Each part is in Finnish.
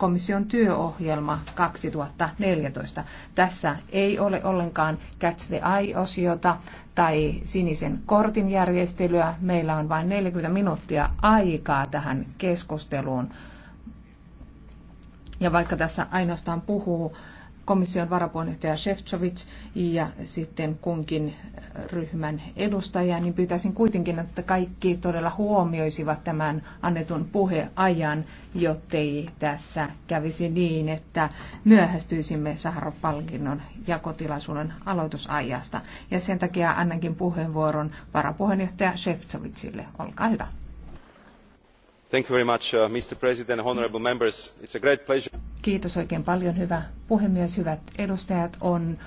komission työohjelma 2014. Tässä ei ole ollenkaan Catch the Eye-osiota tai sinisen kortin järjestelyä. Meillä on vain 40 minuuttia aikaa tähän keskusteluun. Ja vaikka tässä ainoastaan puhuu komission varapuheenjohtaja Shevchovic ja sitten kunkin ryhmän edustajia, niin pyytäisin kuitenkin, että kaikki todella huomioisivat tämän annetun puheajan, jottei tässä kävisi niin, että myöhästyisimme Saharov-palkinnon jakotilaisuuden aloitusajasta. Ja sen takia annankin puheenvuoron varapuheenjohtaja Shevchovicille. Olkaa hyvä. Thank you very much, uh, Mr. President, honorable members. It's a great pleasure. Kiitos oikein paljon, hyvä puhemies, hyvät edustajat. On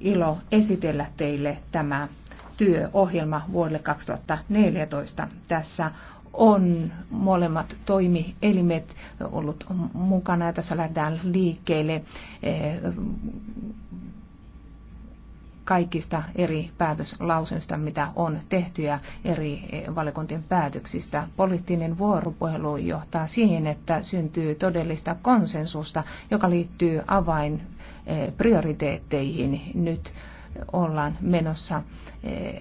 ilo esitellä teille tämä työohjelma vuodelle 2014. Tässä on molemmat toimielimet ollut mukana ja tässä lähdetään liikkeelle eh, kaikista eri päätöslausunnoista, mitä on tehty ja eri eh, valiokuntien päätöksistä. Poliittinen vuoropuhelu johtaa siihen, että syntyy todellista konsensusta, joka liittyy avainprioriteetteihin eh, nyt ollaan menossa eh,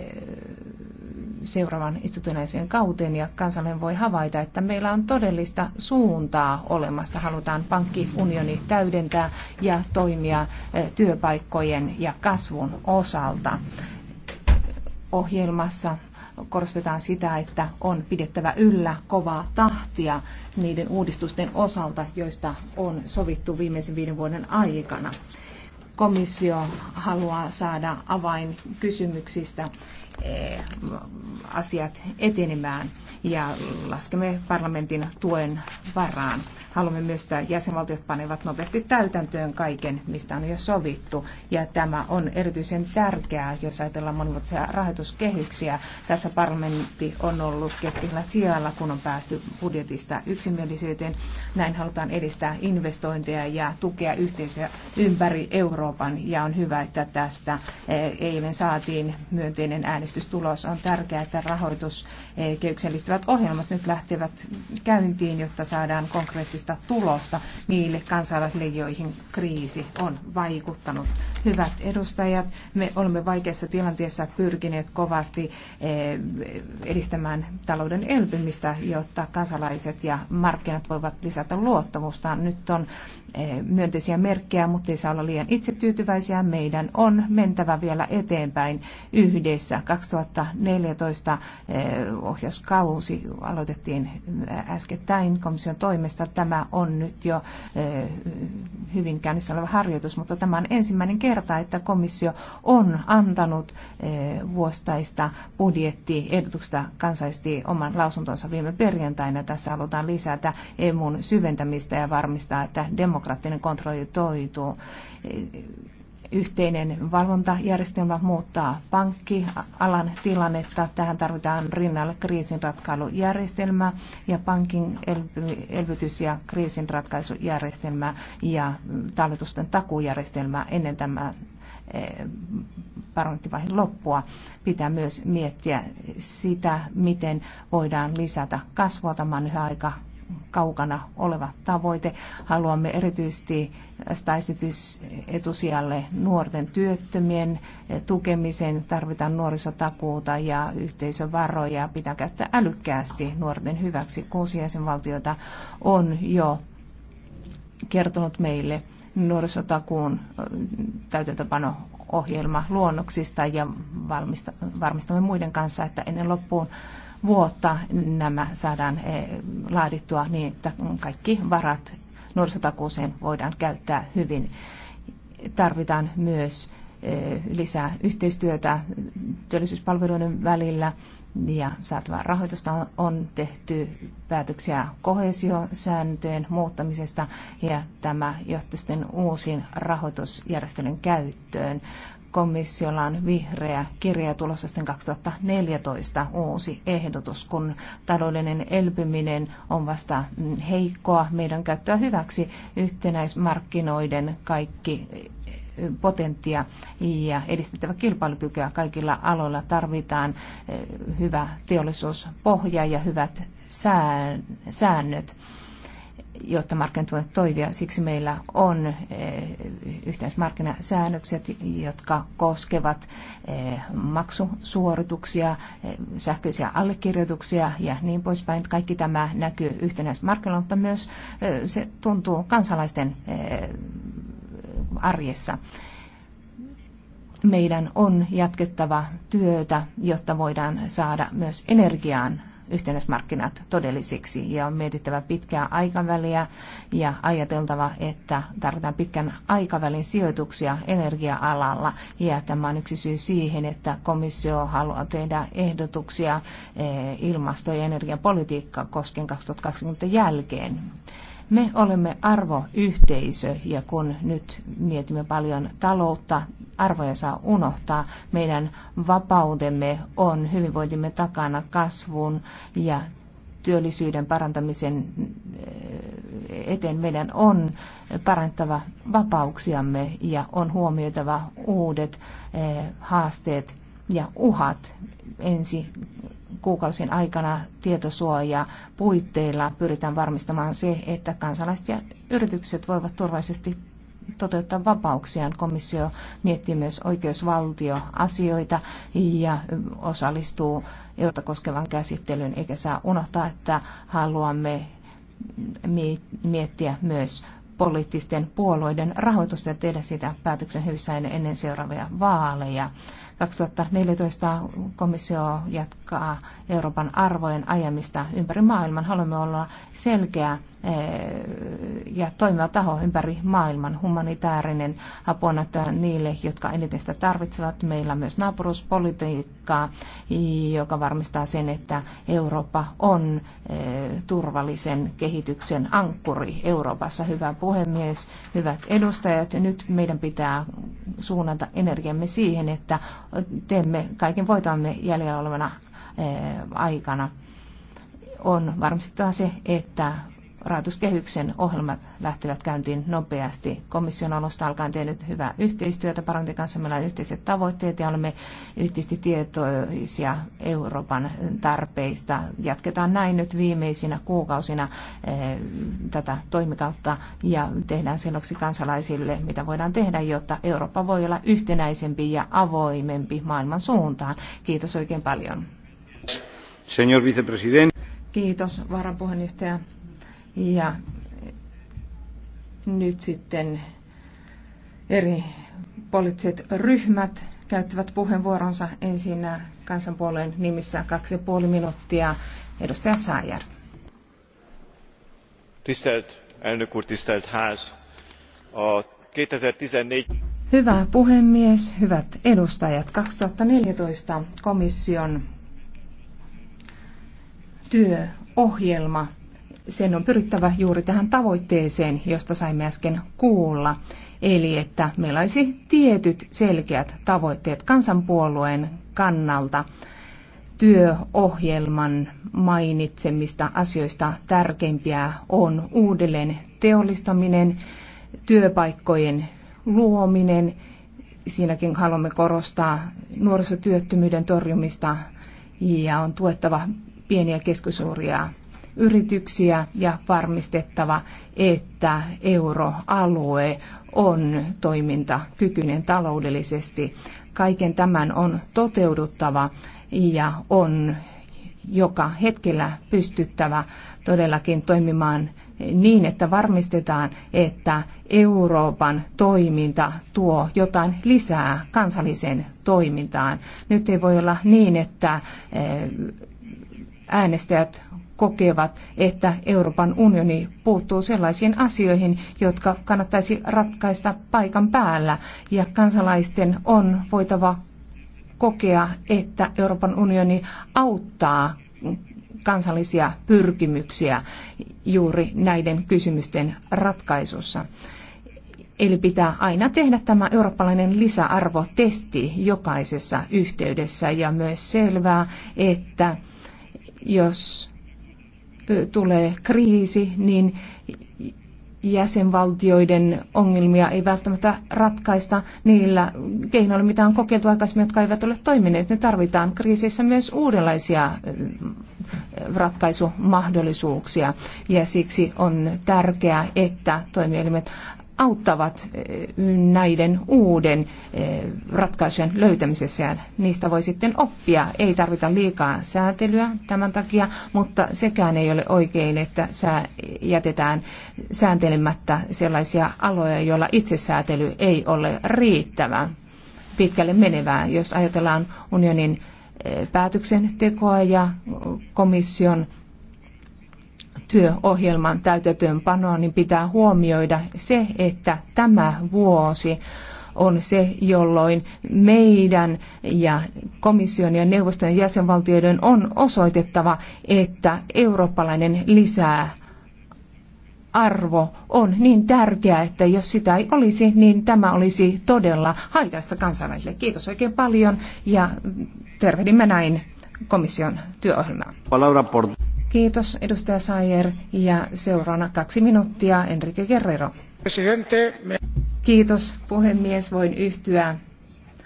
seuraavan istutunaisen kauteen ja kansalainen voi havaita, että meillä on todellista suuntaa olemasta. Halutaan pankkiunioni täydentää ja toimia eh, työpaikkojen ja kasvun osalta. Ohjelmassa korostetaan sitä, että on pidettävä yllä kovaa tahtia niiden uudistusten osalta, joista on sovittu viimeisen viiden vuoden aikana komissio haluaa saada avainkysymyksistä Eh, asiat etenemään ja laskemme parlamentin tuen varaan. Haluamme myös, että jäsenvaltiot panevat nopeasti täytäntöön kaiken, mistä on jo sovittu. Ja tämä on erityisen tärkeää, jos ajatellaan monivuotisia rahoituskehyksiä. Tässä parlamentti on ollut keskellä sijalla, kun on päästy budjetista yksimielisyyteen. Näin halutaan edistää investointeja ja tukea yhteisöä ympäri Euroopan. Ja on hyvä, että tästä eh, eilen saatiin myönteinen äänestys äänestystulos. On tärkeää, että rahoituskeykseen liittyvät ohjelmat nyt lähtevät käyntiin, jotta saadaan konkreettista tulosta niille kansalaisille, joihin kriisi on vaikuttanut. Hyvät edustajat, me olemme vaikeassa tilanteessa pyrkineet kovasti eh, edistämään talouden elpymistä, jotta kansalaiset ja markkinat voivat lisätä luottamusta. Nyt on eh, myönteisiä merkkejä, mutta ei saa olla liian itsetyytyväisiä. Meidän on mentävä vielä eteenpäin yhdessä. 2014 eh, ohjauskausi aloitettiin äskettäin komission toimesta. Tämä on nyt jo eh, hyvin käynnissä oleva harjoitus, mutta tämä on ensimmäinen kerta, että komissio on antanut eh, vuostaista budjettiehdotuksesta kansallisesti oman lausuntonsa viime perjantaina. Tässä halutaan lisätä EMUn syventämistä ja varmistaa, että demokraattinen kontrolli toituu yhteinen valvontajärjestelmä muuttaa pankkialan tilannetta. Tähän tarvitaan rinnalle kriisinratkailujärjestelmä ja pankin elvytys- ja kriisinratkaisujärjestelmä ja talletusten takujärjestelmä ennen tämä parlamenttivaiheen eh, loppua. Pitää myös miettiä sitä, miten voidaan lisätä kasvua. Tämä on yhä aika kaukana oleva tavoite. Haluamme erityisesti esitys etusijalle nuorten työttömien tukemisen. Tarvitaan nuorisotakuuta ja yhteisövaroja. Pitää käyttää älykkäästi nuorten hyväksi. Kuusi jäsenvaltiota on jo kertonut meille nuorisotakuun äh, täytäntöpano ohjelma luonnoksista ja varmistamme muiden kanssa, että ennen loppuun vuotta nämä saadaan eh, laadittua niin, että kaikki varat nuorisotakuuseen voidaan käyttää hyvin. Tarvitaan myös eh, lisää yhteistyötä työllisyyspalveluiden välillä ja saatavaa rahoitusta on tehty päätöksiä kohesiosääntöjen muuttamisesta ja tämä johti sitten uusiin rahoitusjärjestelyn käyttöön komissiolla on vihreä kirja tulossa sitten 2014 uusi ehdotus, kun taloudellinen elpyminen on vasta mm, heikkoa meidän käyttöä hyväksi yhtenäismarkkinoiden kaikki e, potentia ja edistettävä kilpailukykyä kaikilla aloilla tarvitaan e, hyvä teollisuuspohja ja hyvät säännöt jotta markkinat voivat toimia. Siksi meillä on eh, yhteismarkkinasäännökset, jotka koskevat eh, maksusuorituksia, eh, sähköisiä allekirjoituksia ja niin poispäin. Kaikki tämä näkyy yhtenäismarkkinoilla, mutta myös se tuntuu kansalaisten arjessa meidän on jatkettava työtä, jotta voidaan saada myös energiaan yhtenäismarkkinat todellisiksi ja on mietittävä pitkää aikaväliä ja ajateltava, että tarvitaan pitkän aikavälin sijoituksia energia-alalla ja tämä on yksi syy siihen, että komissio haluaa tehdä ehdotuksia eh, ilmasto- ja energiapolitiikkaa koskien 2020 jälkeen. Me olemme arvoyhteisö ja kun nyt mietimme paljon taloutta, arvoja saa unohtaa. Meidän vapautemme on hyvinvointimme takana kasvun ja työllisyyden parantamisen eh, eteen meidän on parantava vapauksiamme ja on huomioitava uudet eh, haasteet ja uhat ensi kuukausien aikana tietosuoja puitteilla pyritään varmistamaan se, että kansalaiset ja yritykset voivat turvallisesti toteuttaa vapauksiaan. Komissio miettii myös oikeusvaltioasioita ja osallistuu jota koskevan käsittelyyn, eikä saa unohtaa, että haluamme miettiä myös poliittisten puolueiden rahoitusta ja tehdä sitä päätöksen hyvissä ennen seuraavia vaaleja. 2014 komissio jatkaa Euroopan arvojen ajamista ympäri maailman. Haluamme olla selkeä eh, ja toimiva taho ympäri maailman, humanitaarinen apu niille, jotka eniten sitä tarvitsevat. Meillä on myös naapuruspolitiikkaa, joka varmistaa sen, että Eurooppa on eh, turvallisen kehityksen ankkuri Euroopassa. Hyvä puhemies, hyvät edustajat, nyt meidän pitää suunnata energiamme siihen, että teemme kaiken voitamme jäljellä olevana eh, aikana. On varmistettava se, että rahoituskehyksen ohjelmat lähtevät käyntiin nopeasti. Komission alusta alkaen tehnyt hyvää yhteistyötä. Parantin kanssa meillä on yhteiset tavoitteet ja olemme yhteisesti tietoisia Euroopan tarpeista. Jatketaan näin nyt viimeisinä kuukausina eh, tätä toimikautta ja tehdään selväksi kansalaisille, mitä voidaan tehdä, jotta Eurooppa voi olla yhtenäisempi ja avoimempi maailman suuntaan. Kiitos oikein paljon. Señor vicepresidente. Kiitos varapuheenjohtaja ja nyt sitten eri poliittiset ryhmät käyttävät puheenvuoronsa ensin kansanpuolueen nimissä kaksi ja puoli minuuttia. Edustaja Saajar. Tisztelt elnök úr, tisztelt Hyvä puhemies, hyvät edustajat. 2014 komission työohjelma sen on pyrittävä juuri tähän tavoitteeseen, josta saimme äsken kuulla. Eli että meillä olisi tietyt selkeät tavoitteet kansanpuolueen kannalta työohjelman mainitsemista asioista tärkeimpiä on uudelleen teollistaminen, työpaikkojen luominen. Siinäkin haluamme korostaa nuorisotyöttömyyden torjumista ja on tuettava pieniä ja keskisuuria yrityksiä ja varmistettava, että euroalue on toimintakykyinen taloudellisesti. Kaiken tämän on toteuduttava ja on joka hetkellä pystyttävä todellakin toimimaan niin, että varmistetaan, että Euroopan toiminta tuo jotain lisää kansalliseen toimintaan. Nyt ei voi olla niin, että eh, äänestäjät kokevat, että Euroopan unioni puuttuu sellaisiin asioihin, jotka kannattaisi ratkaista paikan päällä. Ja kansalaisten on voitava kokea, että Euroopan unioni auttaa kansallisia pyrkimyksiä juuri näiden kysymysten ratkaisussa. Eli pitää aina tehdä tämä eurooppalainen lisäarvotesti jokaisessa yhteydessä ja myös selvää, että jos tulee kriisi, niin jäsenvaltioiden ongelmia ei välttämättä ratkaista niillä keinoilla, mitä on kokeiltu aikaisemmin, jotka eivät ole toimineet. Nyt tarvitaan kriisissä myös uudenlaisia ratkaisumahdollisuuksia ja siksi on tärkeää, että toimielimet auttavat eh, näiden uuden eh, ratkaisujen löytämisessä ja niistä voi sitten oppia. Ei tarvita liikaa säätelyä tämän takia, mutta sekään ei ole oikein, että jätetään sääntelemättä sellaisia aloja, joilla itsesäätely ei ole riittävää, pitkälle menevää. Jos ajatellaan unionin eh, päätöksentekoa ja komission työohjelman täytäntöönpanoa, niin pitää huomioida se, että tämä vuosi on se, jolloin meidän ja komission ja neuvoston jäsenvaltioiden on osoitettava, että eurooppalainen lisää arvo on niin tärkeä, että jos sitä ei olisi, niin tämä olisi todella haitaista kansainvälisille. Kiitos oikein paljon ja tervehdimme näin komission työohjelmaa. Kiitos edustaja Sayer ja seuraavana kaksi minuuttia Enrique Guerrero. Kiitos puhemies, voin yhtyä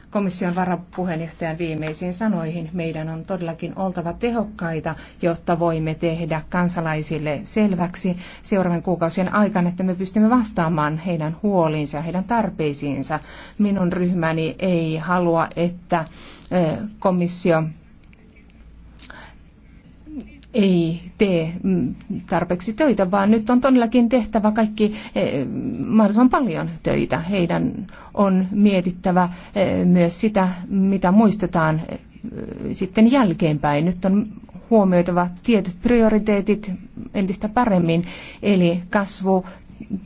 komission varapuheenjohtajan viimeisiin sanoihin. Meidän on todellakin oltava tehokkaita, jotta voimme tehdä kansalaisille selväksi seuraavan kuukausien aikana, että me pystymme vastaamaan heidän huoliinsa, heidän tarpeisiinsa. Minun ryhmäni ei halua, että eh, komissio ei tee mm, tarpeeksi töitä, vaan nyt on todellakin tehtävä kaikki eh, mahdollisimman paljon töitä. Heidän on mietittävä eh, myös sitä, mitä muistetaan eh, sitten jälkeenpäin. Nyt on huomioitava tietyt prioriteetit entistä paremmin, eli kasvu,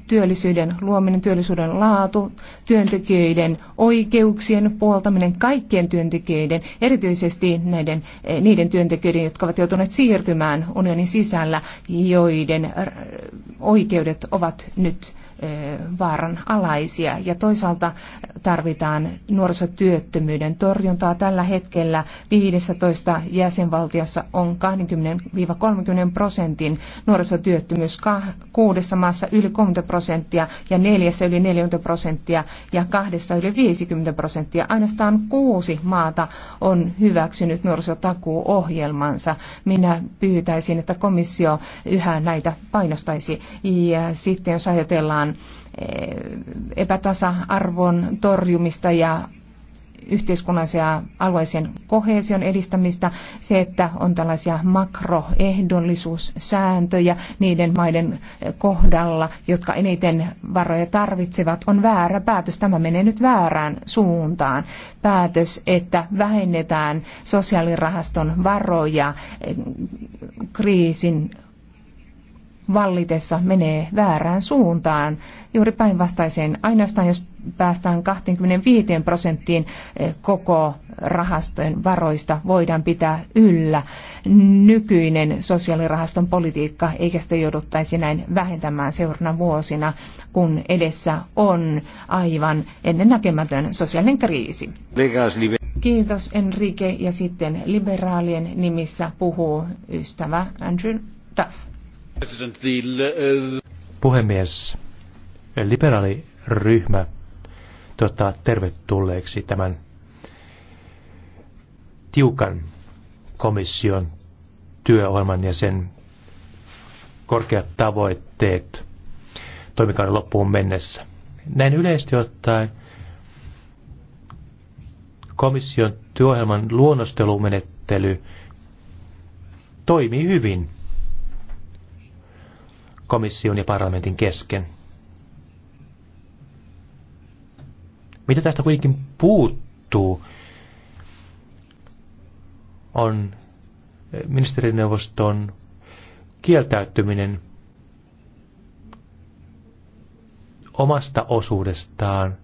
työllisyyden luominen, työllisyyden laatu, työntekijöiden oikeuksien puoltaminen, kaikkien työntekijöiden, erityisesti näiden, eh, niiden työntekijöiden, jotka ovat joutuneet siirtymään unionin sisällä, joiden eh, oikeudet ovat nyt eh, vaaran alaisia. Ja toisaalta tarvitaan nuorisotyöttömyyden torjuntaa. Tällä hetkellä 15 jäsenvaltiossa on 20-30 prosentin nuorisotyöttömyys kuudessa maassa yli 30 prosenttia prosenttia ja neljässä yli 40 prosenttia ja kahdessa yli 50 prosenttia. Ainoastaan kuusi maata on hyväksynyt nuorisotakuuohjelmansa. Minä pyytäisin, että komissio yhä näitä painostaisi. Ja sitten jos ajatellaan eh, epätasa-arvon torjumista ja yhteiskunnallisen ja alueisen kohesion edistämistä, se, että on tällaisia makroehdollisuussääntöjä niiden maiden kohdalla, jotka eniten varoja tarvitsevat, on väärä päätös. Tämä menee nyt väärään suuntaan. Päätös, että vähennetään sosiaalirahaston varoja kriisin vallitessa menee väärään suuntaan, juuri päinvastaiseen. Ainoastaan jos päästään 25 prosenttiin eh, koko rahastojen varoista voidaan pitää yllä nykyinen sosiaalirahaston politiikka, eikä sitä jouduttaisi näin vähentämään seuraavana vuosina, kun edessä on aivan ennennäkemätön sosiaalinen kriisi. Kiitos Enrique ja sitten liberaalien nimissä puhuu ystävä Andrew Duff. Uh, Puhemies, liberaaliryhmä toivottaa tervetulleeksi tämän tiukan komission työohjelman ja sen korkeat tavoitteet toimikauden loppuun mennessä. Näin yleisesti ottaen komission työohjelman luonnostelumenettely toimii hyvin komission ja parlamentin kesken. Mitä tästä kuitenkin puuttuu, on eh, ministerineuvoston kieltäytyminen omasta osuudestaan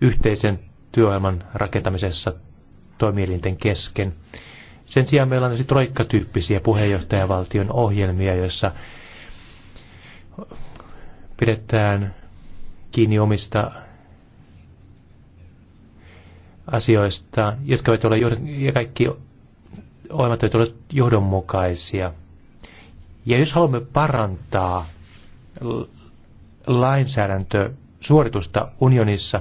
yhteisen työelämän rakentamisessa toimielinten kesken. Sen sijaan meillä on troikkatyyppisiä puheenjohtajavaltion ohjelmia, joissa pidetään kiinni omista asioista, jotka eivät ole, ja kaikki olemat eivät ole johdonmukaisia. Ja jos haluamme parantaa suoritusta unionissa,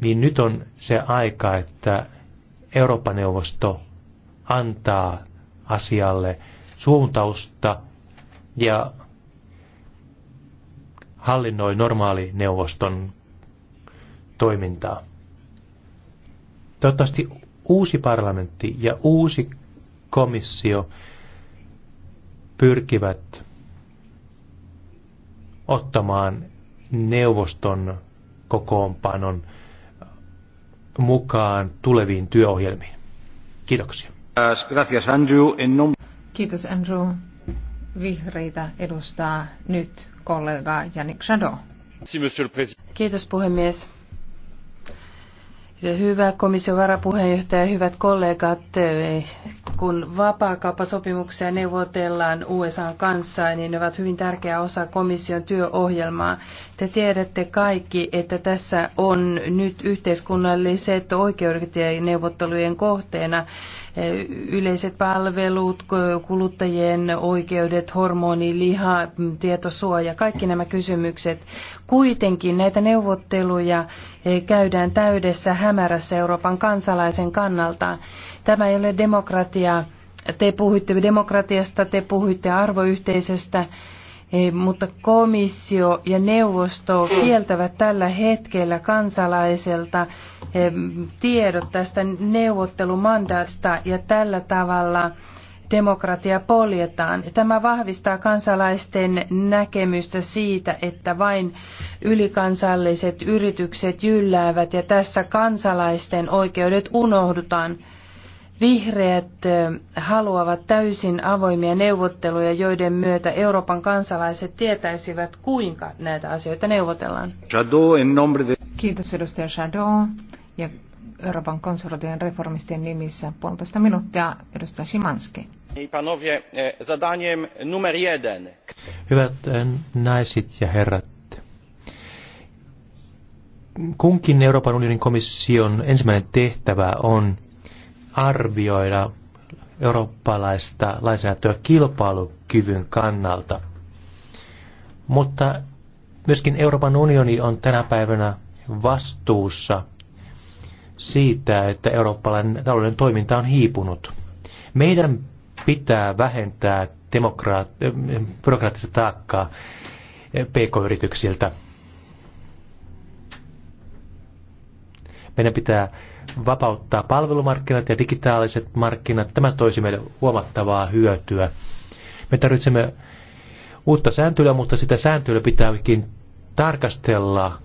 niin nyt on se aika, että Euroopan neuvosto antaa asialle suuntausta ja hallinnoi normaali neuvoston toimintaa. Toivottavasti uusi parlamentti ja uusi komissio pyrkivät ottamaan neuvoston kokoonpanon mukaan tuleviin työohjelmiin. Kiitoksia. Äh, gracias, Andrew. en Kiitos Andrew. Vihreitä edustaa nyt kollega Janik Shadow. Kiitos puhemies. Hyvä komission varapuheenjohtaja, hyvät kollegat, kun vapaakauppasopimuksia neuvotellaan USAn kanssa, niin ne ovat hyvin tärkeä osa komission työohjelmaa. Te tiedätte kaikki, että tässä on nyt yhteiskunnalliset oikeudet neuvottelujen kohteena yleiset palvelut, kuluttajien oikeudet, hormoni, liha, tietosuoja, kaikki nämä kysymykset. Kuitenkin näitä neuvotteluja eh, käydään täydessä hämärässä Euroopan kansalaisen kannalta. Tämä ei ole demokratia. Te puhuitte demokratiasta, te puhuitte arvoyhteisöstä mutta komissio ja neuvosto kieltävät tällä hetkellä kansalaiselta tiedot tästä neuvottelumandaasta ja tällä tavalla demokratia poljetaan. Tämä vahvistaa kansalaisten näkemystä siitä, että vain ylikansalliset yritykset jylläävät ja tässä kansalaisten oikeudet unohdutaan. Vihreät haluavat täysin avoimia neuvotteluja, joiden myötä Euroopan kansalaiset tietäisivät, kuinka näitä asioita neuvotellaan. Kiitos edustaja Shadow ja Euroopan konservatiivien reformistien nimissä puolitoista minuuttia edustaja Simanski. E, Hyvät e, naiset ja herrat, kunkin Euroopan unionin komission ensimmäinen tehtävä on arvioida eurooppalaista lainsäädäntöä kilpailukyvyn kannalta. Mutta myöskin Euroopan unioni on tänä päivänä vastuussa siitä, että eurooppalainen talouden toiminta on hiipunut. Meidän pitää vähentää eh, byrokraattista taakkaa pk-yrityksiltä. Meidän pitää vapauttaa palvelumarkkinat ja digitaaliset markkinat. Tämä toisi meille huomattavaa hyötyä. Me tarvitsemme uutta sääntelyä, mutta sitä sääntelyä pitääkin tarkastella,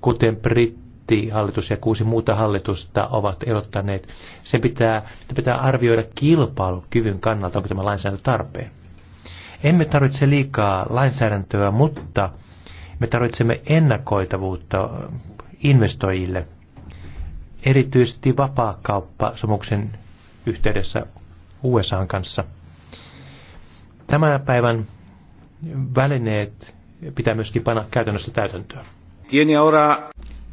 kuten brittihallitus ja kuusi muuta hallitusta ovat erottaneet. Se pitää, pitää arvioida kilpailukyvyn kannalta, onko tämä lainsäädäntö tarpeen. Emme tarvitse liikaa lainsäädäntöä, mutta me tarvitsemme ennakoitavuutta investoijille erityisesti vapaakauppasomuksen yhteydessä USAn kanssa. Tämän päivän välineet pitää myöskin panna käytännössä täytäntöön.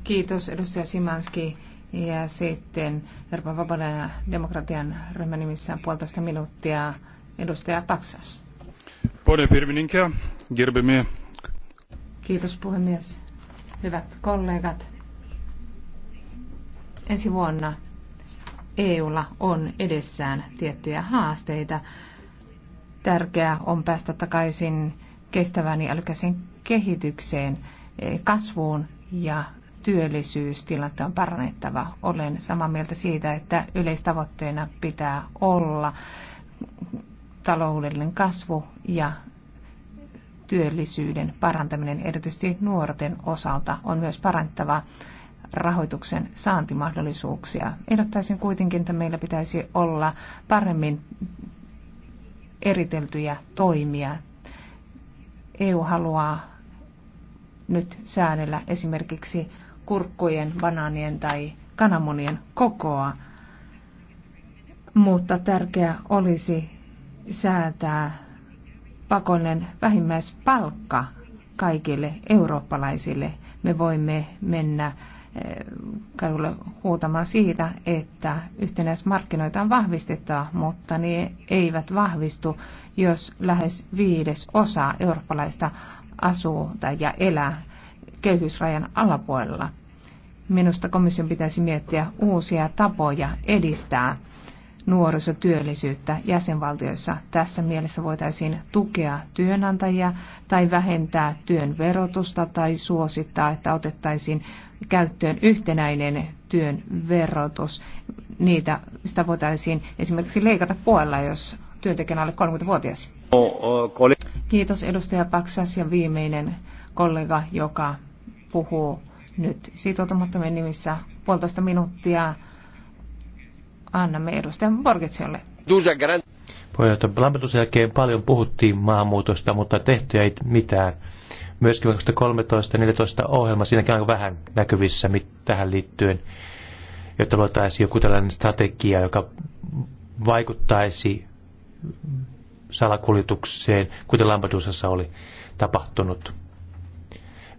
Kiitos edustaja Simanski. Ja sitten Euroopan vapauden ja demokratian ryhmän nimissä puolitoista minuuttia edustaja Paksas. Pone Pirmininkä, Kiitos puhemies. Hyvät kollegat ensi vuonna EUlla on edessään tiettyjä haasteita. Tärkeää on päästä takaisin kestävään ja älykäseen kehitykseen, e, kasvuun ja työllisyystilanteen on parannettava. Olen samaa mieltä siitä, että yleistavoitteena pitää olla taloudellinen kasvu ja työllisyyden parantaminen, erityisesti nuorten osalta, on myös parantava rahoituksen saantimahdollisuuksia. Ehdottaisin kuitenkin, että meillä pitäisi olla paremmin eriteltyjä toimia. EU haluaa nyt säädellä esimerkiksi kurkkujen, banaanien tai kananmunien kokoa, mutta tärkeää olisi säätää pakollinen vähimmäispalkka kaikille eurooppalaisille. Me voimme mennä kadulle huutamaan siitä, että yhtenäismarkkinoita on vahvistettava, mutta ne eivät vahvistu, jos lähes viides osa eurooppalaista asuu tai ja elää köyhyysrajan alapuolella. Minusta komission pitäisi miettiä uusia tapoja edistää nuorisotyöllisyyttä jäsenvaltioissa. Tässä mielessä voitaisiin tukea työnantajia tai vähentää työn verotusta tai suosittaa, että otettaisiin käyttöön yhtenäinen työn verotus. Niitä, sitä voitaisiin esimerkiksi leikata puolella, jos työntekijänä alle 30-vuotias. Kiitos edustaja Paksas ja viimeinen kollega, joka puhuu nyt sitoutumattomien nimissä puolitoista minuuttia annamme edustajan Borgetsiolle. Puheenjohtaja Lampetus jälkeen paljon puhuttiin maahanmuutosta, mutta tehtyä ei mitään. Myöskin 2013-2014 ohjelma, siinäkin on vähän näkyvissä tähän liittyen, jotta voitaisiin joku tällainen strategia, joka vaikuttaisi salakuljetukseen, kuten Lampedusassa oli tapahtunut.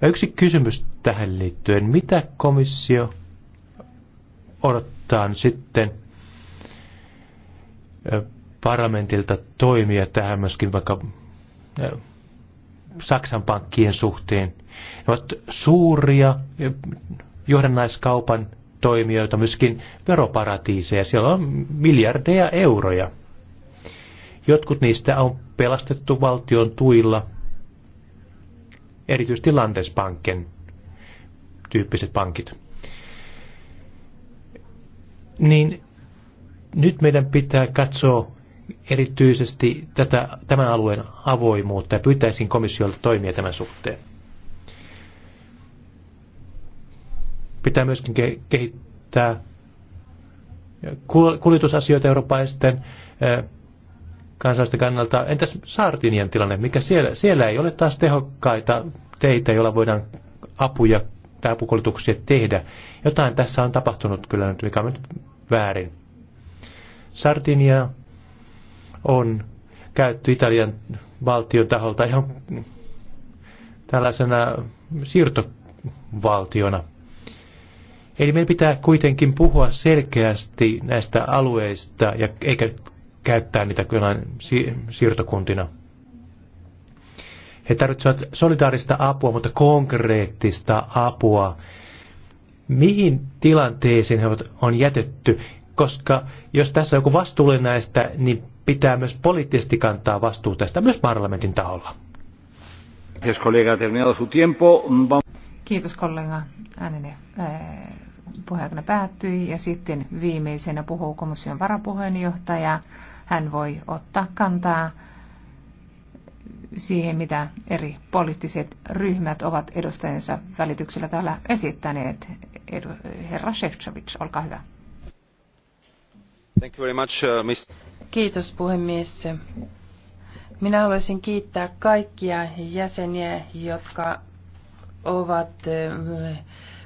Ja yksi kysymys tähän liittyen. Mitä komissio odottaa sitten parlamentilta toimia tähän myöskin vaikka Saksan pankkien suhteen. Ne ovat suuria johdannaiskaupan toimijoita, myöskin veroparatiiseja. Siellä on miljardeja euroja. Jotkut niistä on pelastettu valtion tuilla, erityisesti Landesbanken tyyppiset pankit. Niin nyt meidän pitää katsoa erityisesti tätä, tämän alueen avoimuutta ja pyytäisin komissiolta toimia tämän suhteen. Pitää myöskin ke- kehittää kuljetusasioita eurooppalaisten kansalaisten kannalta. Entäs Sardinian tilanne, mikä siellä, siellä ei ole taas tehokkaita teitä, joilla voidaan apuja tai apukuljetuksia tehdä. Jotain tässä on tapahtunut kyllä nyt, mikä on nyt väärin. Sardinia on käytty Italian valtion taholta ihan tällaisena siirtovaltiona. Eli meidän pitää kuitenkin puhua selkeästi näistä alueista ja eikä käyttää niitä kyllä siirtokuntina. He tarvitsevat solidaarista apua, mutta konkreettista apua. Mihin tilanteeseen he on jätetty? koska jos tässä on joku vastuullinen näistä, niin pitää myös poliittisesti kantaa vastuu tästä myös parlamentin taholla. Kiitos kollega. Kiitos kollega, Äänenne eh, puheenjohtaja päättyi ja sitten viimeisenä puhuu komission varapuheenjohtaja. Hän voi ottaa kantaa siihen, mitä eri poliittiset ryhmät ovat edustajansa välityksellä täällä esittäneet. Herra Shevchovic, olkaa hyvä. Thank you very much, uh, Kiitos puhemies. Minä haluaisin kiittää kaikkia jäseniä, jotka ovat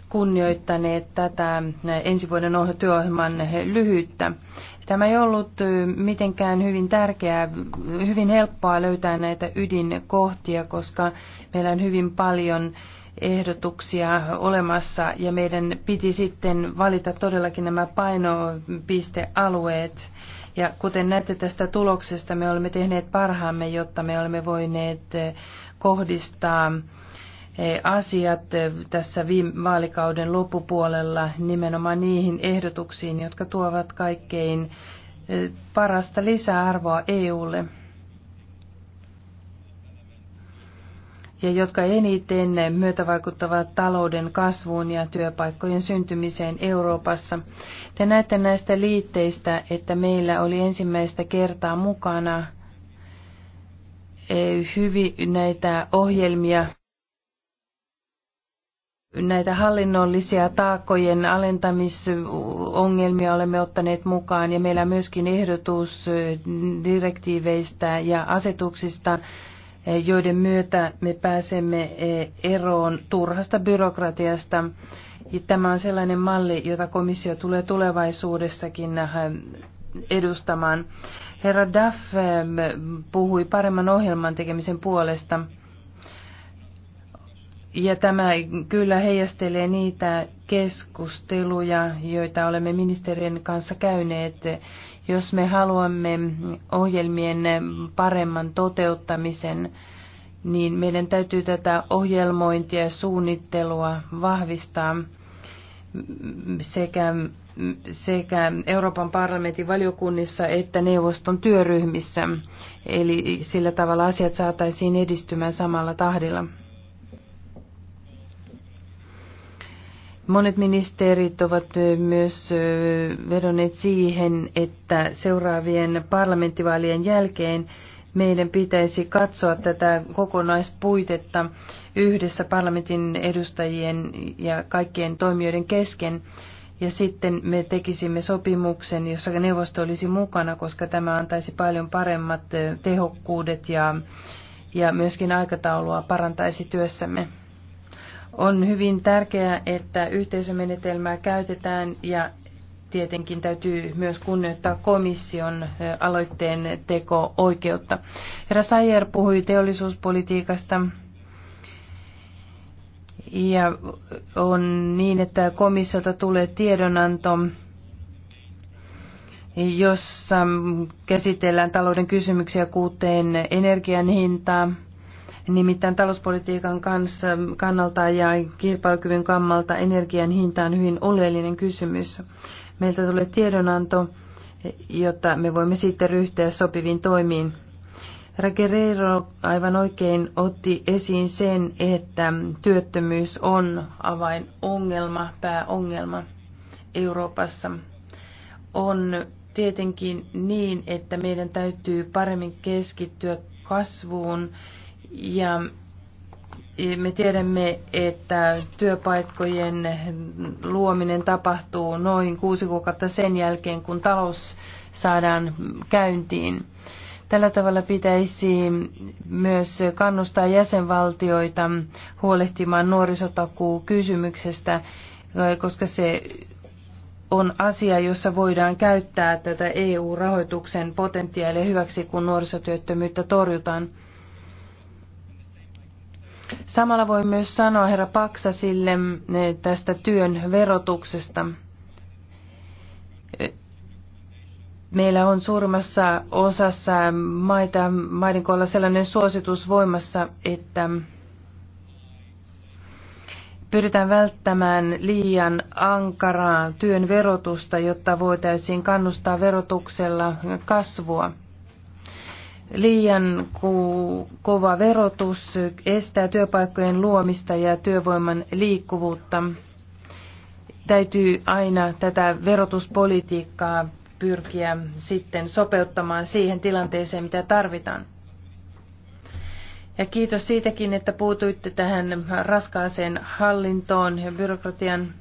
kunnioittaneet tätä ensi vuoden työohjelman lyhyyttä. Tämä ei ollut mitenkään hyvin tärkeää, hyvin helppoa löytää näitä ydinkohtia, koska meillä on hyvin paljon ehdotuksia olemassa ja meidän piti sitten valita todellakin nämä painopistealueet. Ja kuten näette tästä tuloksesta, me olemme tehneet parhaamme, jotta me olemme voineet eh, kohdistaa eh, asiat eh, tässä viime vaalikauden loppupuolella nimenomaan niihin ehdotuksiin, jotka tuovat kaikkein parasta lisäarvoa EUlle. ja jotka eniten myötävaikuttavat talouden kasvuun ja työpaikkojen syntymiseen Euroopassa. Te näette näistä liitteistä, että meillä oli ensimmäistä kertaa mukana eh, hyvin näitä ohjelmia, näitä hallinnollisia taakkojen alentamisongelmia olemme ottaneet mukaan ja meillä on myöskin ehdotus eh, direktiiveistä ja asetuksista, joiden myötä me pääsemme e, eroon turhasta byrokratiasta. Tämä on sellainen malli, jota komissio tulee tulevaisuudessakin äh, edustamaan. Herra Duff äh, puhui paremman ohjelman tekemisen puolesta. Ja tämä kyllä heijastelee niitä keskusteluja, joita olemme ministerien kanssa käyneet jos me haluamme ohjelmien paremman toteuttamisen, niin meidän täytyy tätä ohjelmointia ja suunnittelua vahvistaa sekä, sekä Euroopan parlamentin valiokunnissa että neuvoston työryhmissä. Eli sillä tavalla asiat saataisiin edistymään samalla tahdilla. Monet ministerit ovat myös vedonneet siihen, että seuraavien parlamenttivaalien jälkeen meidän pitäisi katsoa tätä kokonaispuitetta yhdessä parlamentin edustajien ja kaikkien toimijoiden kesken. Ja sitten me tekisimme sopimuksen, jossa neuvosto olisi mukana, koska tämä antaisi paljon paremmat tehokkuudet ja, ja myöskin aikataulua parantaisi työssämme. On hyvin tärkeää, että yhteisömenetelmää käytetään ja tietenkin täytyy myös kunnioittaa komission aloitteen teko-oikeutta. Herra Sayer puhui teollisuuspolitiikasta ja on niin, että komissiota tulee tiedonanto, jossa käsitellään talouden kysymyksiä kuuteen energian hintaan. Nimittäin talouspolitiikan kanssa, kannalta ja kilpailukyvyn kammalta energian hinta on hyvin oleellinen kysymys. Meiltä tulee tiedonanto, jotta me voimme sitten ryhtyä sopiviin toimiin. Rakereiro aivan oikein otti esiin sen, että työttömyys on avainongelma, pääongelma Euroopassa. On tietenkin niin, että meidän täytyy paremmin keskittyä kasvuun ja me tiedämme, että työpaikkojen luominen tapahtuu noin kuusi kuukautta sen jälkeen, kun talous saadaan käyntiin. Tällä tavalla pitäisi myös kannustaa jäsenvaltioita huolehtimaan nuorisotakuu kysymyksestä, koska se on asia, jossa voidaan käyttää tätä EU-rahoituksen potentiaalia hyväksi, kun nuorisotyöttömyyttä torjutaan. Samalla voi myös sanoa herra Paksasille eh, tästä työn verotuksesta. Eh, meillä on suurimmassa osassa maita, maiden kohdalla sellainen suositus voimassa, että pyritään välttämään liian ankaraa työn verotusta, jotta voitaisiin kannustaa verotuksella kasvua. Liian kova verotus estää työpaikkojen luomista ja työvoiman liikkuvuutta. Täytyy aina tätä verotuspolitiikkaa pyrkiä sitten sopeuttamaan siihen tilanteeseen, mitä tarvitaan. Ja kiitos siitäkin, että puutuitte tähän raskaaseen hallintoon ja byrokratian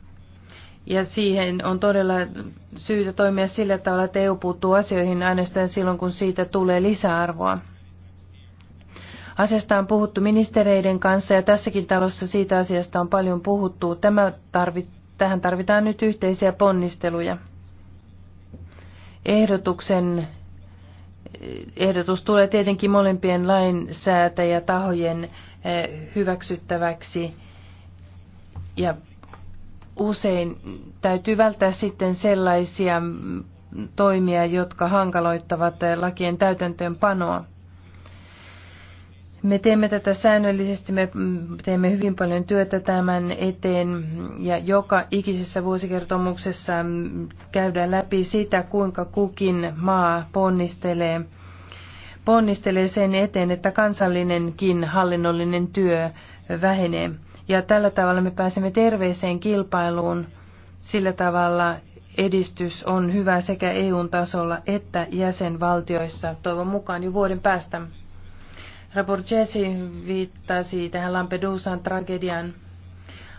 ja siihen on todella syytä toimia sillä tavalla, että EU puuttuu asioihin ainoastaan silloin, kun siitä tulee lisäarvoa. Asiasta on puhuttu ministereiden kanssa ja tässäkin talossa siitä asiasta on paljon puhuttu. Tämä tarvi, tähän tarvitaan nyt yhteisiä ponnisteluja. Ehdotuksen, ehdotus tulee tietenkin molempien lainsäätäjätahojen eh, hyväksyttäväksi ja usein täytyy välttää sitten sellaisia toimia, jotka hankaloittavat lakien täytäntöönpanoa. Me teemme tätä säännöllisesti, me teemme hyvin paljon työtä tämän eteen ja joka ikisessä vuosikertomuksessa käydään läpi sitä, kuinka kukin maa ponnistelee, ponnistelee sen eteen, että kansallinenkin hallinnollinen työ vähenee. Ja tällä tavalla me pääsemme terveeseen kilpailuun. Sillä tavalla edistys on hyvä sekä eu tasolla että jäsenvaltioissa, toivon mukaan jo vuoden päästä. Jesse viittasi tähän Lampedusan tragedian.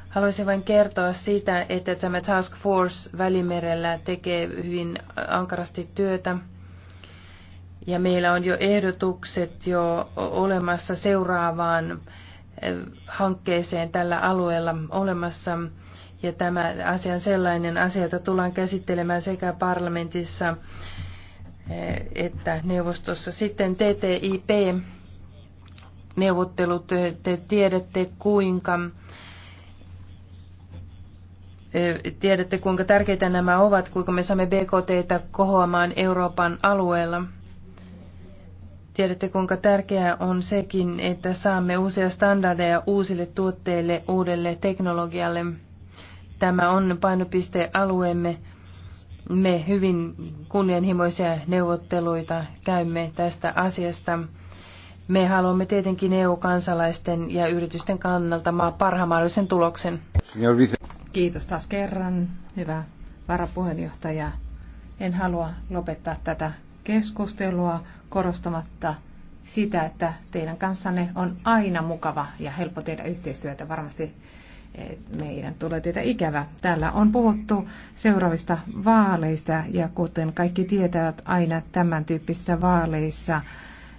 Haluaisin vain kertoa sitä, että tämä Task Force Välimerellä tekee hyvin ankarasti työtä. Ja meillä on jo ehdotukset jo olemassa seuraavaan hankkeeseen tällä alueella olemassa. Ja tämä asia on sellainen asia, jota tullaan käsittelemään sekä parlamentissa eh, että neuvostossa. Sitten TTIP, neuvottelut, te tiedätte kuinka eh, tiedätte kuinka tärkeitä nämä ovat, kuinka me saamme BKTtä kohoamaan Euroopan alueella. Tiedätte, kuinka tärkeää on sekin, että saamme uusia standardeja uusille tuotteille, uudelle teknologialle. Tämä on painopistealueemme. Me hyvin kunnianhimoisia neuvotteluita käymme tästä asiasta. Me haluamme tietenkin EU-kansalaisten ja yritysten kannalta maa parhaan mahdollisen tuloksen. Kiitos taas kerran, hyvä varapuheenjohtaja. En halua lopettaa tätä keskustelua korostamatta sitä, että teidän kanssanne on aina mukava ja helppo tehdä yhteistyötä. Varmasti eh, meidän tulee teitä ikävä. Täällä on puhuttu seuraavista vaaleista ja kuten kaikki tietävät, aina tämän tyyppisissä vaaleissa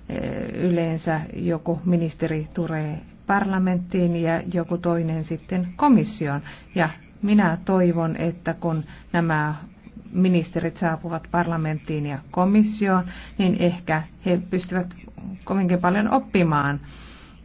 eh, yleensä joku ministeri tulee parlamenttiin ja joku toinen sitten komission. Ja minä toivon, että kun nämä ministerit saapuvat parlamenttiin ja komissioon, niin ehkä he pystyvät kovinkin paljon oppimaan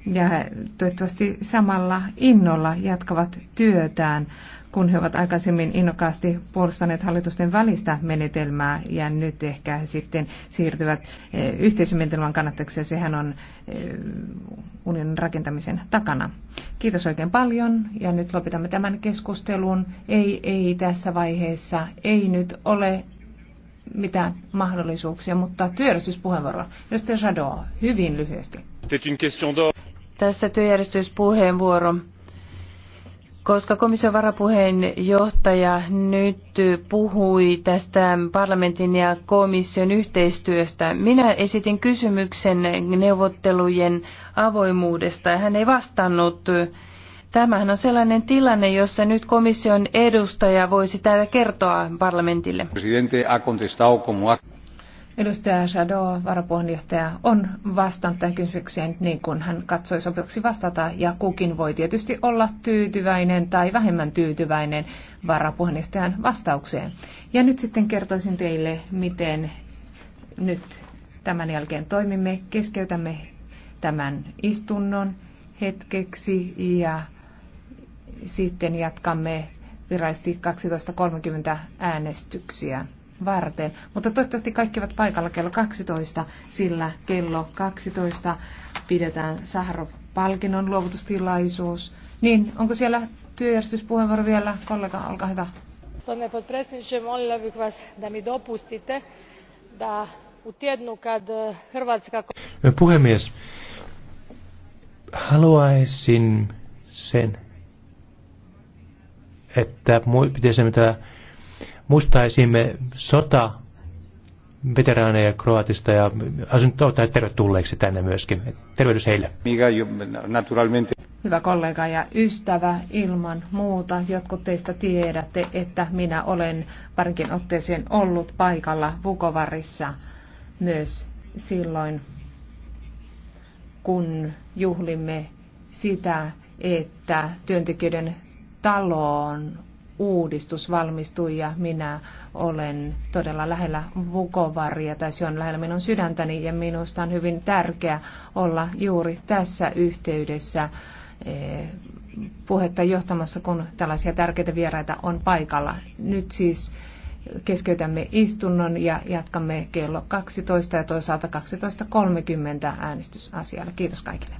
ja toivottavasti samalla innolla jatkavat työtään, kun he ovat aikaisemmin innokkaasti puolustaneet hallitusten välistä menetelmää ja nyt ehkä sitten siirtyvät e, yhteisömenetelmän kannattajaksi ja sehän on e, unionin rakentamisen takana. Kiitos oikein paljon ja nyt lopetamme tämän keskustelun. Ei, ei tässä vaiheessa, ei nyt ole mitään mahdollisuuksia, mutta työllisyyspuheenvuoro. Jos te hyvin lyhyesti tässä työjärjestyspuheenvuoro, koska komission varapuheenjohtaja nyt puhui tästä parlamentin ja komission yhteistyöstä. Minä esitin kysymyksen neuvottelujen avoimuudesta ja hän ei vastannut. Tämähän on sellainen tilanne, jossa nyt komission edustaja voisi täällä kertoa parlamentille. Edustaja Shadow, varapuheenjohtaja, on vastannut tähän kysymykseen niin kuin hän katsoi sopivaksi vastata, ja kukin voi tietysti olla tyytyväinen tai vähemmän tyytyväinen varapuheenjohtajan vastaukseen. Ja nyt sitten kertoisin teille, miten nyt tämän jälkeen toimimme. Keskeytämme tämän istunnon hetkeksi ja sitten jatkamme virallisesti 12.30 äänestyksiä varten. Mutta toivottavasti kaikki ovat paikalla kello 12, sillä kello 12 pidetään Saharov-palkinnon luovutustilaisuus. Niin, onko siellä työjärjestyspuheenvuoro vielä? Kollega, olkaa hyvä. Tuonne potpredsjedniče, molila bih vas da mi dopustite da u kad e, Hrvatska... E, puhemies, haluaisin sen, että pitäisi mitä muistaisimme sota veteraaneja Kroatista ja toivottaa tervetulleeksi tänne myöskin. Tervehdys heille. Hyvä kollega ja ystävä ilman muuta. Jotkut teistä tiedätte, että minä olen parinkin otteeseen ollut paikalla Vukovarissa myös silloin, kun juhlimme sitä, että työntekijöiden taloon uudistus valmistui ja minä olen todella lähellä Vukovaria tai se on lähellä minun sydäntäni ja minusta on hyvin tärkeää olla juuri tässä yhteydessä eh, puhetta johtamassa, kun tällaisia tärkeitä vieraita on paikalla. Nyt siis keskeytämme istunnon ja jatkamme kello 12 ja toisaalta 12.30 äänestysasialle. Kiitos kaikille.